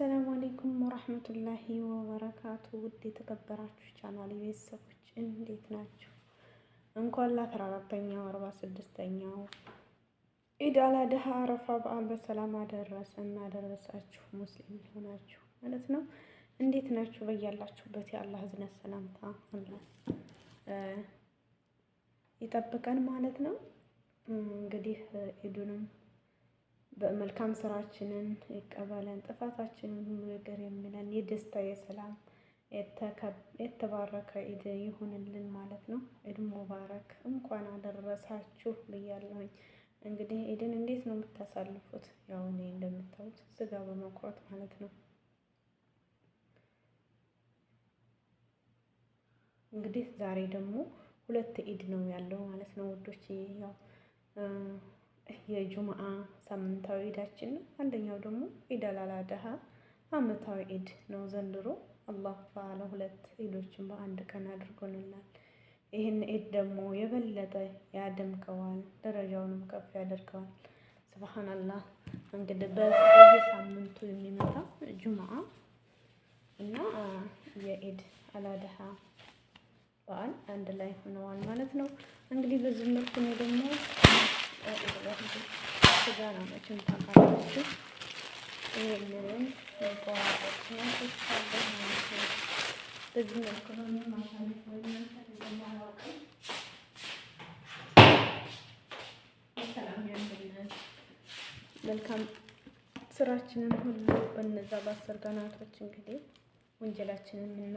አሰላሙ አሌይኩም ወረህመቱላሂ ወበረካቱ። ውድ የተከበራችሁ ቻናል ቤተሰቦች እንዴት ናችሁ? እንኳን ለአስራ አራተኛው አርባ ስድስተኛው ኢድ አል አድሃ አረፋ በዓል በሰላም አደረሰን አደረሳችሁ። ሙስሊም ሆናችሁ ማለት ነው። እንዴት ናችሁ? በያላችሁበት የአላህ ህዝነት ሰላምታ ይጠብቀን ማለት ነው። እንግዲህ ኢዱንም መልካም ስራችንን ይቀበለን፣ ጥፋታችንን ሁሉ ነገር የሚለን የደስታ የሰላም የተባረከ ኢድ ይሁንልን ማለት ነው። ኢድ ሙባረክ እንኳን አደረሳችሁ ብያለሁኝ። እንግዲህ ኢድን እንዴት ነው የምታሳልፉት? ያው እኔ እንደምታዩት ስጋ በመቁረጥ ማለት ነው። እንግዲህ ዛሬ ደግሞ ሁለት ኢድ ነው ያለው ማለት ነው ውዶች ያው የጁምአ ሳምንታዊ ኢዳችን ነው። አንደኛው ደግሞ ኢድ አላላደሃ አመታዊ ኢድ ነው። ዘንድሮ አላህ ባለ ሁለት ኢዶችን በአንድ ቀን አድርጎንላል። ይህን ኢድ ደግሞ የበለጠ ያደምቀዋል፣ ደረጃውንም ከፍ ያደርገዋል። ስብሓንላህ እንግዲህ በሳምንቱ የሚመጣ ጁምአ እና የኢድ አላደሃ በዓል አንድ ላይ ሆነዋል ማለት ነው። እንግዲህ በዚህ መልኩ ነው ደግሞ ስጋ ነው መቼም ታውቃላችሁ። ይህንንም በዚህ መልኩ መልካም ስራችንን ሁሉ በነዛ በአስር ቀናቶች እንግዲህ ወንጀላችንን እና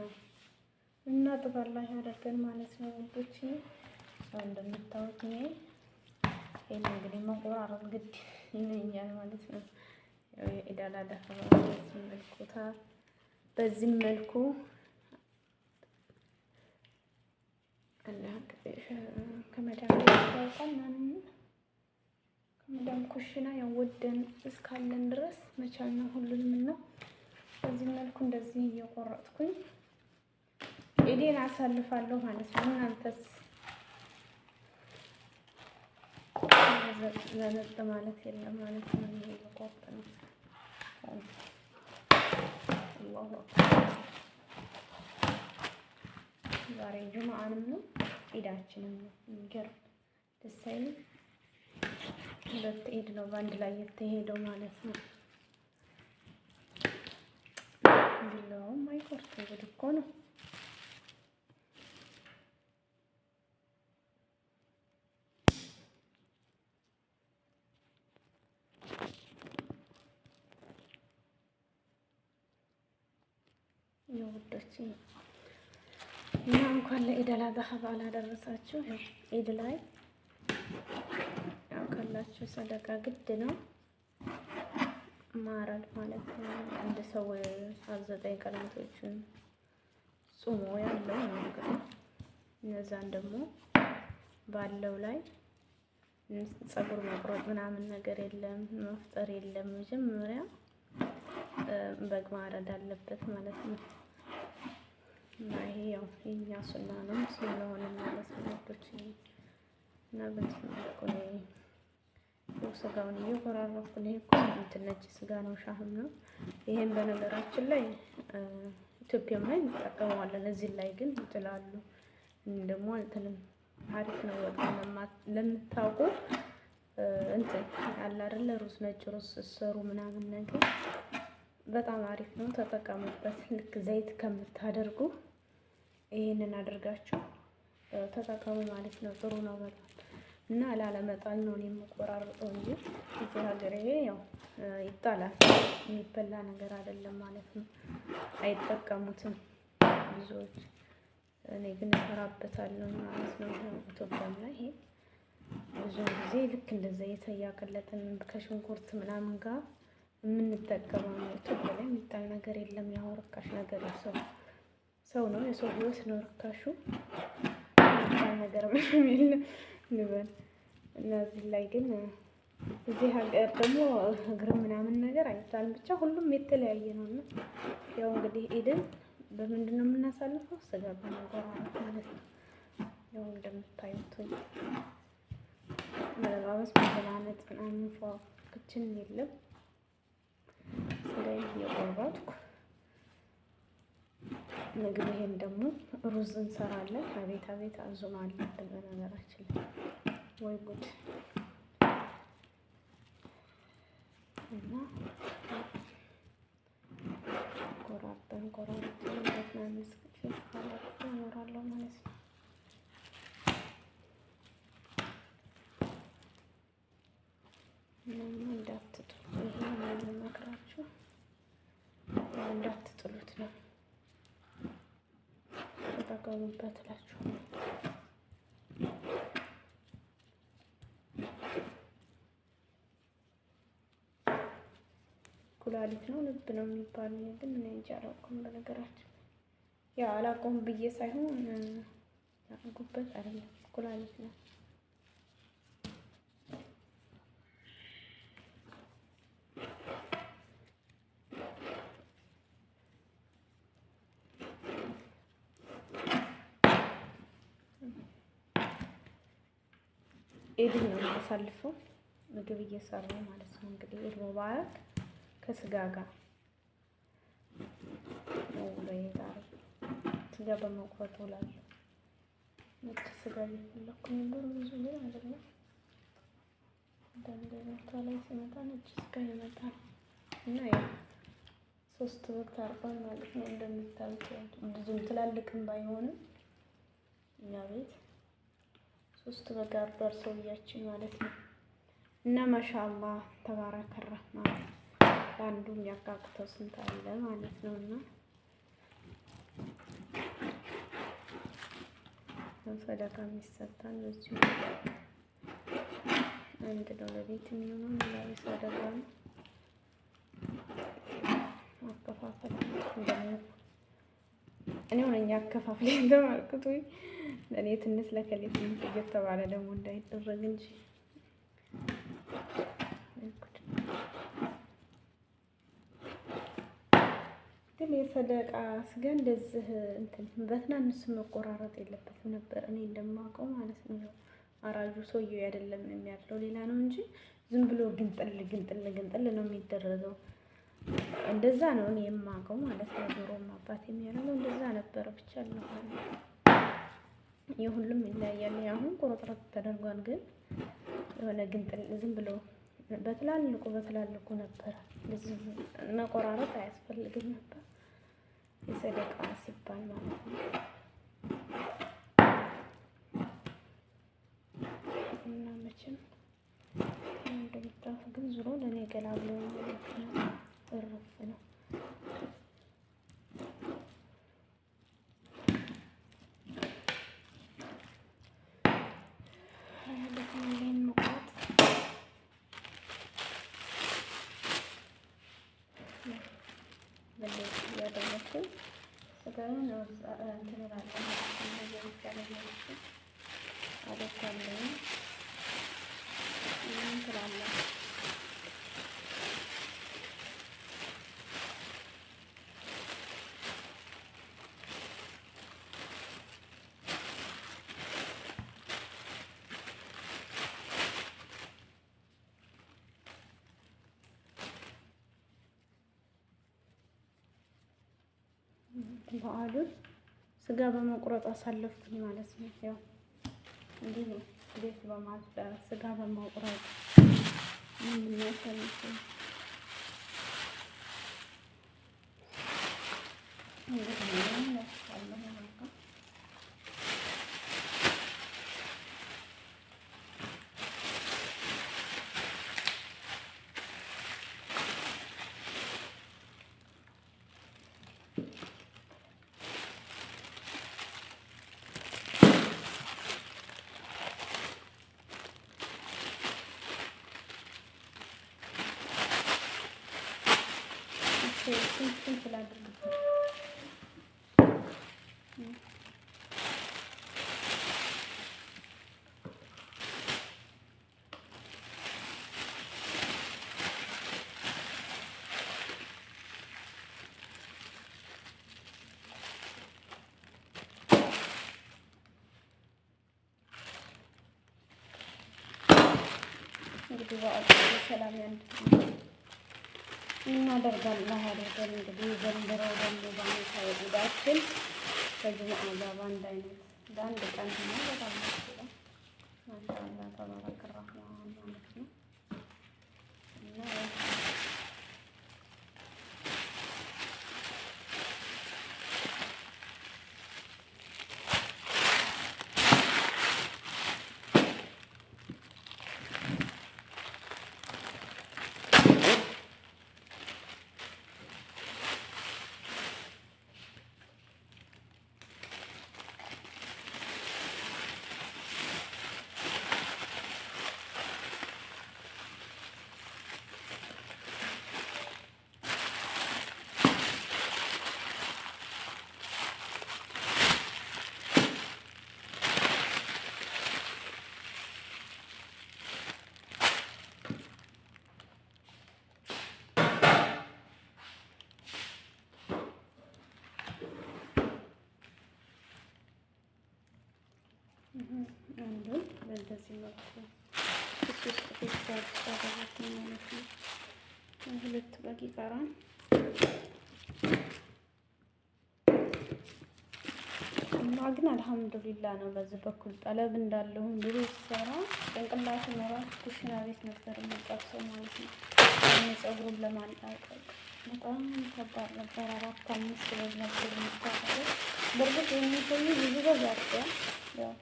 እና ጥፋላ ማለት ነው። ውዶች ይሄን እንግዲህ መቆራረጥ ግድ ይለኛል ማለት ነው። የኢዳላ ዳፋ መልኩታ በዚህ መልኩ ከመዳም ኩሽና ያወደን እስካለን ድረስ መቻል ነው ሁሉንም ነው። በዚህ መልኩ እንደዚህ እየቆረጥኩኝ ኢዴን አሳልፋለሁ ማለት ነው። እናንተስ ዘነጥ ማለት የለም ማለት ነው። እየቆርጥ ነው። አላሁ አክበር። ዛሬ ጁምአንም ነው ኢዳችንም ነው። የሚገርም ደስ አይልም? ሁለት ኢድ ነው በአንድ ላይ የተሄደው ማለት ነው። ቢላውም አይቆርጥም። ጉድ እኮ ነው። ውዶች እና እንኳን ለኢድ አድሃ በዓል አደረሳችሁ። ኢድ ላይ ሰደቃ ግድ ነው ማረድ ማለት ነው። እንደ ሰው አዘጠኝ ቀናቶችን ጾሞ ያለው ነው እነዛን ደግሞ ባለው ላይ ጸጉር መቁረጥ ምናምን ነገር የለም፣ መፍጠር የለም። መጀመሪያ በግ ማረድ አለበት ማለት ነው። እና ይሄ ያው የኛ ሱና ነው ስለሆነ ማለት ነው ወዶች እና በዚህ መልኩ ነው ስጋውን እየጎራረኩ ነው። እኮ እንትን ነጭ ስጋ ነው፣ ሻህም ነው። ይሄን በነገራችን ላይ ኢትዮጵያም ላይ እንጠቀመዋለን። እዚህ ላይ ግን ይጥላሉ። እኔም ደግሞ አልጥልም። አሪፍ ነው። ወጥ ለምታውቁ እንትን አለ አይደለ ሩዝ፣ ነጭ ሩዝ ስሰሩ ምናምን ነገር በጣም አሪፍ ነው። ተጠቀሙበት ልክ ዘይት ከምታደርጉ ይሄንን አድርጋችሁ ተጠቀሙ ማለት ነው። ጥሩ ነው በጣም እና ላለመጣል ነው የምቆራርጠው እንጂ እዚ ሀገር ይሄ ያው ይጣላል፣ የሚበላ ነገር አይደለም ማለት ነው። አይጠቀሙትም ብዙዎች። እኔ ግን እሰራበታለሁ ማለት ነው። ኢትዮጵያም ላይ ይሄ ብዙ ጊዜ ልክ እንደዛ እየተያቀለጥን ከሽንኩርት ምናምን ጋር የምንጠቀመው ነው። ኢትዮጵያ ላይ የሚጣል ነገር የለም። ያው ርካሽ ነገር ይሰው ሰው ነው የሰው ህይወት ነው ርካሹ ነገር ምንም ንበል እነዚህ ላይ ግን እዚህ ሀገር ደግሞ እግር ምናምን ነገር አይቻልም። ብቻ ሁሉም የተለያየ ነው እና ያው እንግዲህ ኤደን በምንድን ነው የምናሳልፈው? ስጋ በመጎራራት ማለት ነው። ያው እንደምታዩት መለባበስ፣ መገናነጥ ምናምን ፏ ክችን የለም። ስጋ እየቆረጥኩ ምግብ። ይሄም ደግሞ ሩዝ እንሰራለን። አቤት አቤት አዙማ በነገራችን ላይ ወይ ጉድ እና ቆራርጠን ቆራርጠን ማለት ነው። ምንም ይሄ እንዳትጥሉት ነው። ተጠቀሙበት ላችሁ ኩላሊት ነው ልብ ነው የሚባል እኔ ግን ምን እንጂ አላውቅም። በነገራችን ያ አላውቅም ብዬ ሳይሆን ያደርጉበት አይደለም ኩላሊት ነው። ኢድን ነው የሚያሳልፈው ምግብ እየሰራ ማለት ነው። እንግዲህ ኢድ ሙባረክ ከስጋ ጋር ነው ዛሬ ስጋ በመቁረጥ ውላለሁ። ነጭ ስጋ እየፈለኩ ነበር ብዙ ጊዜ ማለት ነው። አንዳንድ ቦታ ላይ ሲመጣ ነጭ ስጋ ይመጣል እና ያ ሶስት ወቅት አርቋል ማለት ነው። እንደምታዩት ብዙም ትላልቅም ባይሆንም እኛ ቤት ሶስት በግ አርዷል ሰውያችን ማለት ነው። እና ማሻአላ ተባረከ ረህማን በአንዱ የሚያቃቅተው ስንት አለ ማለት ነው። እና ሰደቃም ይሰጣል በዚሁ አንድ ነው ለቤት የሚሆነው ምናዊ ሰደቃ ነው። አከፋፈል እንደሞ እኔ ሆነኛ አከፋፍል እንደማርኩት ወይ ለእኔ ትንሽ ለከሌ ትንሽ እየተባለ ደግሞ እንዳይደረግ እንጂ ግን የሰደቃ ስጋ እንደዚህ እንትን በትናንሽ መቆራረጥ የለበትም ነበር። እኔ እንደማውቀው ማለት ነው። አራጁ ሰውየው አይደለም የሚያድለው ሌላ ነው እንጂ ዝም ብሎ ግንጥል ግንጥል ግንጥል ነው የሚደረገው። እንደዛ ነው እኔ የማውቀው ማለት ነው። ዶሮ አባት የሚያደርገው እንደዛ ነበረ ብቻ ነው። የሁሉም ይለያያል። አሁን ቁርጥርጥ ተደርጓል፣ ግን የሆነ ግን ዝም ብሎ በትላልቁ በትላልቁ ነበር። መቆራረጥ አያስፈልግም ነበር የሰደቃ ሲባል ማለት ነው። እና መቼም እንደምታውቁ ግን ዙሮ ለእኔ ገላ ብሎ እርፍ ነው። ስለሆነ ነው እንትን እላለሁ በዓሉን ስጋ በመቁረጥ አሳለፍኩኝ ማለት ነው። ያው እንዲህ ነው፣ ቤት በማጽዳት ስጋ በመቁረጥ ምንሚያሳልፍ እንግዲህ እንትን ስላደረግኩ እንግዲህ በዓል ሰላም ያንድ እናደርጋል አደርገን አድርገን እንግዲህ ዘንድሮው ደግሞ ባነሳው ጉዳችን ከጅሙዓ ጋር በአንድ አይነት ለአንድ ቀን ሆኖ በጣም ደስ ይላል። ማሻአላ በዚህ መልኩ ማለት ነው። ሁለት በግ ይቀራል። እና ግን አልሐምዱሊላ ነው። በዚህ በኩል ጠለብ እንዳለሁም ብሎ ሲሰራ ጭንቅላቱ ኖሯል። ኩሽና ቤት ነበር የምንጠብሰው ማለት ነው። ፀጉሩን ለማላቀቅ በጣም ከባድ ነበር። አራት አምስት በግ ነበር የሚታረው። በእርግጥ የሚገኙ ብዙ በግ ያው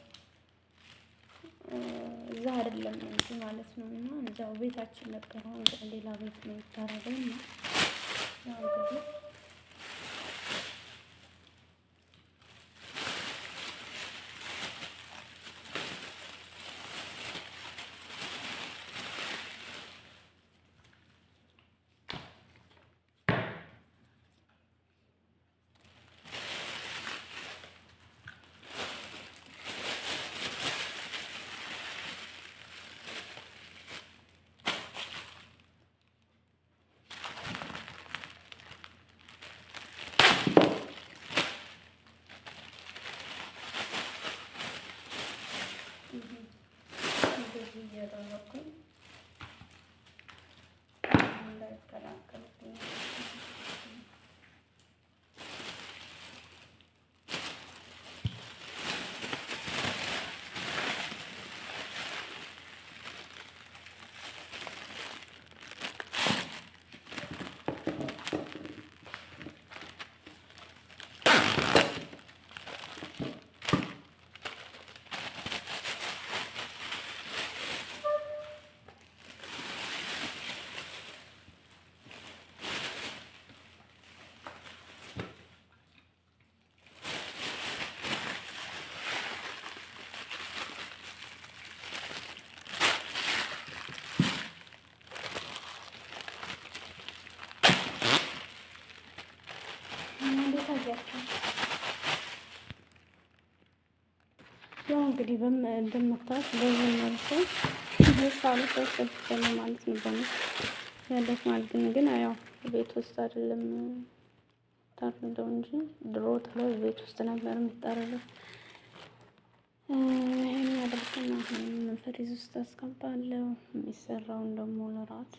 እዛ አይደለም እንጂ ማለት ነው። እና እዛው ቤታችን ነበረው ሌላ ቤት ነው ነው ያው ይባላል። አያችሁም? ያው እንግዲህ እንደምታዩት በዚህ መልኩ የሳሉ ሰው ነው ማለት ነው በሚ ያለት ማለት ነው። ግን ያው ቤት ውስጥ አይደለም ታርደው እንጂ ድሮ ተለው ቤት ውስጥ ነበር የምታረገው። ይህን ያደርግና አሁን ፍሪዝ ውስጥ አስገባለሁ። የሚሰራውን ደግሞ ለራት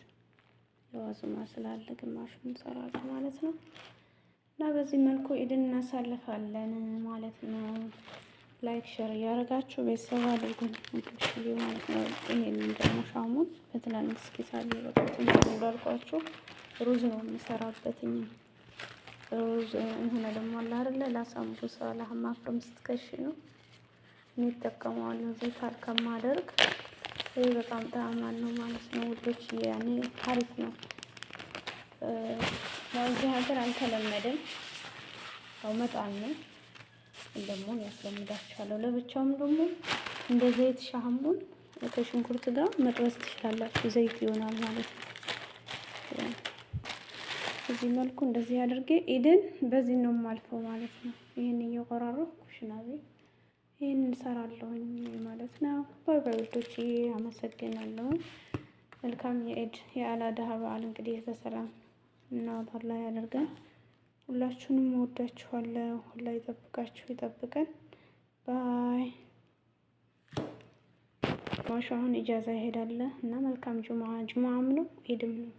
የዋዙማ ስላለ ግማሹን ሰራለሁ ማለት ነው። እና በዚህ መልኩ ኢድን እናሳልፋለን ማለት ነው። ላይክ ሸር እያደረጋችሁ ቤተሰብ አድርጉን ማለት ነው። ይሄን ደግሞ ሻሙን በትናንት ስኪት አለበት እንዳልኳችሁ ሩዝ ነው የምሰራበትኝ ሩዝ የሆነ ደግሞ አለ አይደለ ላሳምቡሳ ላማፍረም ስትከሽ ነው የሚጠቀመዋለሁ እዚህ ከማደርግ ይህ በጣም ጣዕም አለው ማለት ነው ውዶች፣ ያኔ አሪፍ ነው። ያው እዚህ ሀገር አልተለመደም። ያው መጣን ነው ደግሞ ያስለምዳችኋለሁ። ለብቻውም ደግሞ እንደ ዘይት ሻህሙን ከሽንኩርት ጋር መጥበስ ትችላላችሁ። ዘይት ይሆናል ማለት ነው። እዚህ መልኩ እንደዚህ አድርጌ ኢድን በዚህ ነው የማልፈው ማለት ነው። ይህን እየቆራረኩ ኩሽና ቤት ይህን እንሰራለሁኝ ማለት ነው። ባይባዮቶች አመሰግናለሁ። መልካም የኢድ የአል በዓል እንግዲህ በሰላም እና አላህ ያደርገን። ሁላችሁንም ወዳችኋለሁ። ሁላ ይጠብቃችሁ፣ ይጠብቀን። ባይ ማሽ አሁን ኢጃዛ ይሄዳለ እና መልካም ጁማ። ጁሙዓም ነው ኢድም ነው።